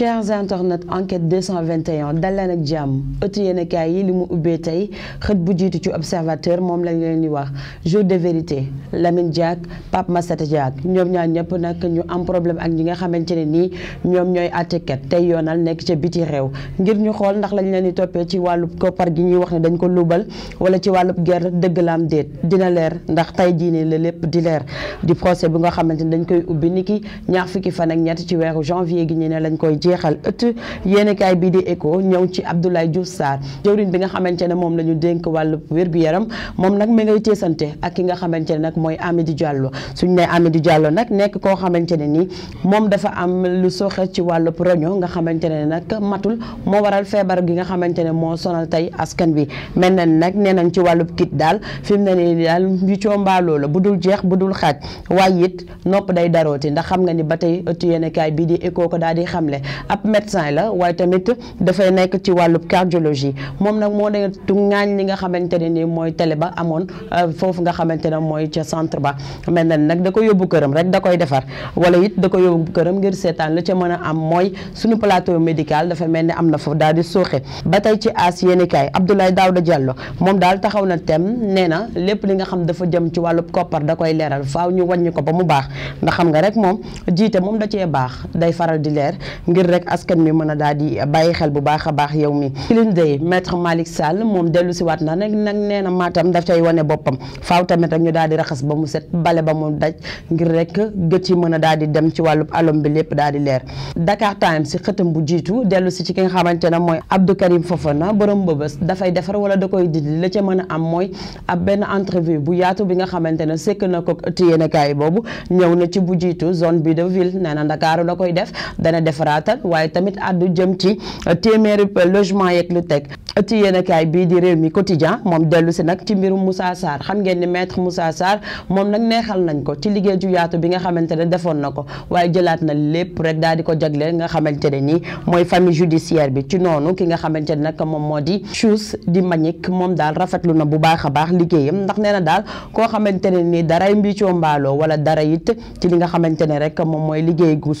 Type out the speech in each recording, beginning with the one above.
chers internautes enquête 221 dalal ak jàmm ëttu yéenekaay yi li mu ubbee tey xët bu jiitu ci observateur moom lañ leen di wax jour de vérité Lamine Diack Pape Massata Diack ñoom ñaar ñëpp nag ñu am problème ak ñi nga xamante ne nii ñoom ñooy àttekat tey yoonal nekk ca biti réew ngir ñu xool ndax lañ leen di toppee ci wàllu koppar gi ñuy wax ne dañ ko luubal wala ci wàllu guerre dëgg laam déet dina leer ndax tey jiine la lépp di leer di procès bu nga xamante ne dañ koy ubbi niki ñaar fukki fan ak ñett ci weeru janvier gi ñu lañ koy jeexal ëtt yéenekaay bii di Écho ñëw ci Abdoulaye Diouf Sarr jëwriñ bi nga xamante ne moom la ñu dénk wàllu wér-gu-yaram moom nag mi ngay teesante ak ki nga xamante ne nag mooy Amidou Diallo suñ ne Amidou Diallo nag nekk koo xamante ne nii moom dafa am lu soxe ci wàllu roño nga xamante ne nag matul moo waral feebar gi nga xamante ne moo sonal tey askan wi mel na nag nee nañ ci wàllu kit daal fi mu ne nii daal yu coombaloo la bu dul jeex bu dul xaaj waaye it nopp day darooti ndax xam nga ni ba tey ëttu yéenekaay bii di Écho ko daal di xamle ab médecin la waaye tamit dafay nekk ci wàllu cardiologie moom nag moo ne tu ŋaañ li nga xamante ne nii mooy tele ba amoon euh, foofu nga xamante ne mooy ca centre ba mel na nag da ko yóbbu këram rek da koy defar wala it da ko yóbbu këram ngir seetaan la ca mën a am mooy suñu plateau médical dafa mel ni am na foofu daal di suuxe ba tey ci as yéeni kaay Abdoulaye Daouda Diallo moom daal taxaw na tem nee na lépp li nga xam dafa jëm ci wàllub koppar da koy leeral faaw ñu wàññi ko ba mu baax ndax xam nga rek moom jiite moom da cee baax day faral di leer ngir rek askan mi mën a daal di bàyyi xel bu baax a baax yow mi Clean Day maître Malick Sall moom dellu si waat na nag nag nee na Matam daf cay wane boppam faaw tamit rek ñu daal di raxas ba mu set bale ba mu daj ngir rek gëcc yi mën a daal di dem ci wàllub alom bi lépp daal di leer Dakar Times si xëtam bu jiitu dellu si ci ki nga xamante ne mooy Abdou Karim Fofana borom mbëbës dafay defar wala da koy dindi la ca mën a am mooy ab benn entrevue bu yaatu bi nga xamante ne sekk na ko ëtt yéenekaay boobu ñëw na ci bu jiitu zone bi de ville nee yaatal waaye tamit àddu jëm ci euh, téeméeri logement yeeg lu teg ci yéenekaay bii di réew mi quotidien moom dellu si nag ci mbirum musa saar xam ngeen ni maître Moussa Sarr moom nag neexal nañ ko ci liggéey ju yaatu bi nga xamante ne defoon na ko waaye jëlaat na lépp rek daal di ko jagleel nga xamante ne nii mooy famille judiciaire bi ci noonu ki nga xamante ne nag moom moo di Chouz di Mbagnick moom daal rafetlu na bu baax a baax liggéeyam ndax nee daal koo xamante ne nii daray mbiccoo mbaaloo wala dara it ci li nga xamante ne rek moom mooy liggéey gu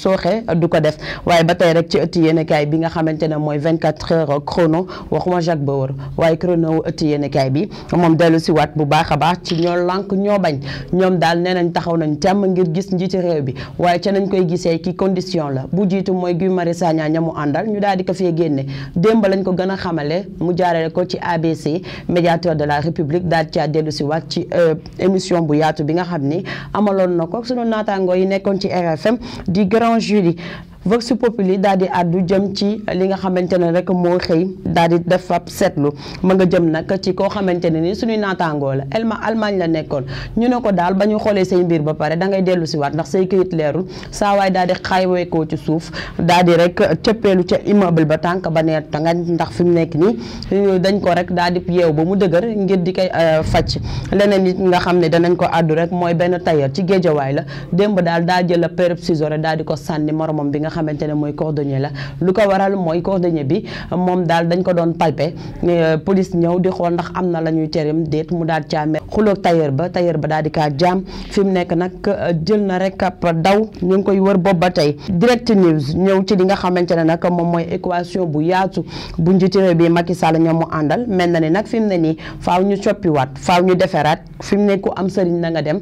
tey rek ci ëtti yéenekaay bi nga xamante ne mooy 24 heures chrono waaye chrono wu ëtti yéenekaay bi moom dellu si waat bu baax a baax ci ñoo lànk ñoo bañ ñoom daal nee nañ taxaw nañ càmm ngir gis njiiti réew bi waaye ca nañ koy gisee ki condition la bu jiitu mooy Guy Marius Sagna ñamu àndal ñu daal di ko fee génne démb lañ ko gën a xamale mu jaarale ko ci ABC médiateur de la République daal caa dellu si waat ci euh, émission bu yaatu bi nga xam ni amaloon na ko sunu naataangoo Vox Populi daal di àddu jëm ci li nga xamante ne rek moo xëy daal di def ab seetlu ma nga jëm nag ci koo xamante ne ni suñuy naataangoo la elma Allemagne la nekkoon ñu ne ko daal ba ñu xoolee say mbir ba pare da ngay dellu si waat ndax say këyit leerul saa waay daal di xaywee koo ci suuf daal di rek cëppeelu ca immeuble ba tànk ba neer tanga ndax fi mu nekk nii dañ ko rek daal di yeew ba mu dëgër ngir di koy euh, facc leneen nit nga xam ne danañ ko àddu rek mooy benn tailleur ci géejawaay la démb daal daa jël a péreb ciseau daal di ko sànni xamante ne mooy cordonnier la lu ko waral mooy cordonnier bi moom daal dañ ko doon palper eh, police ñëw di xool ndax am na la ñuy terim déet mu daal caame xuloog tailleur ba tailleur ba daal di kaa jaam fi mu nekk nag eh, jël na rek ab daw ñu ngi koy wër bopp ba tey direct news ñëw ci li nga xamante ne nag moom mooy équation bu yaatu bu njiitu réew bi Macky Sall ñoom mu àndal mel na ni nag fi mu ne nii faaw ñu soppiwaat faaw ñu deferaat fi mu ne ku am sëriñ na nga dem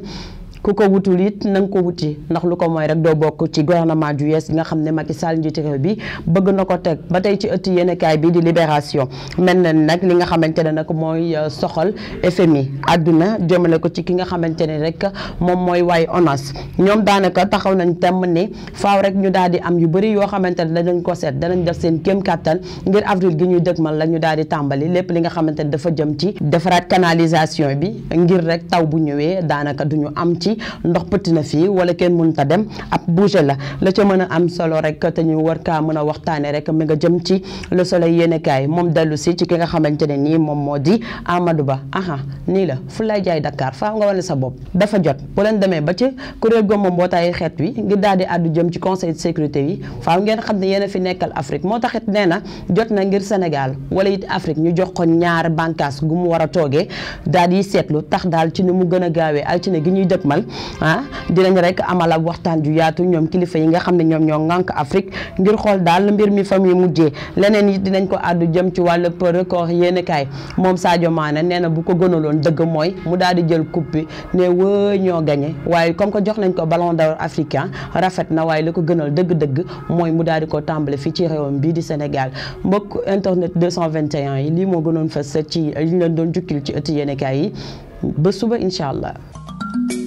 ku ko wutul it na ko wuti ndax lu ko mooy rek doo bokk ci gouvernement ju yees nga xam ne ma Sall njiitu réew bi bëgg na ko teg ba tey ci ëtt yéenekaay bi di Libération mel na nag li nga xamante ne nag mooy euh, soxal FMI àdduna jëmale ko ci ki nga xamante ne rek moom mooy waaye ONAS ñoom daanaka taxaw nañ temm ni faaw rek ñu daal di am yu bëri yoo xamante ne danañ ko seet danañ def seen kéem kàttan ngir avril gi ñuy dëgmal la ñu daal di tàmbali lépp li nga xamante ne dafa jëm ci defaraat canalisation bi ngir rek taw bu ñëwee daanaka duñu ci ndox pëtt na fii wala kenn mënta dem ab bouger la la ca mën a am solo rek te ñu war kaa mën a waxtaanee rek mi nga jëm ci le soleil yéenekaay moom dellu ci ki nga xamante ne nii moom moo di Amadou Ba aha nii la fu lay jaay Dakar faaw nga wane sa bopp dafa jot bu leen demee ba ci kuréel gu moom mbootaayu xeet wi ngir daal di àddu jëm ci conseil de sécurité yi faaw ngeen xam ne yéen fi nekkal Afrique moo tax it nee na jot na ngir Sénégal wala it a toogee daal dalal ah dinañ rek amal ab waxtaan ju yaatu ñoom kilifa yi nga xam ne ñoom ñoo ŋànk Afrique ngir xool daal mbir mi fa muy mujjee leneen it dinañ ko àddu jëm ci wàllu record yéen kaay moom Sadio Mané nee na bu ko gënaloon dëgg mooy mu daal di jël coupe bi ne wëy ñoo gagné waaye comme que jox nañ ko ballon d'or africain rafet na waaye li ko gënal dëgg-dëgg mooy mu daal di ko tàmbale fii ci réewam bii di Sénégal mbokk internet 221 yi lii moo gënoon fës ci li ñu leen doon jukkil ci ëtt yéen yi ba suba incha allah